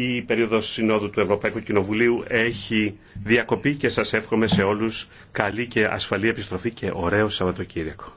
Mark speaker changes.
Speaker 1: η περίοδος συνόδου του Ευρωπαϊκού Κοινοβουλίου έχει διακοπεί και σας εύχομαι σε όλους καλή και ασφαλή επιστροφή και ωραίο Σαββατοκύριακο.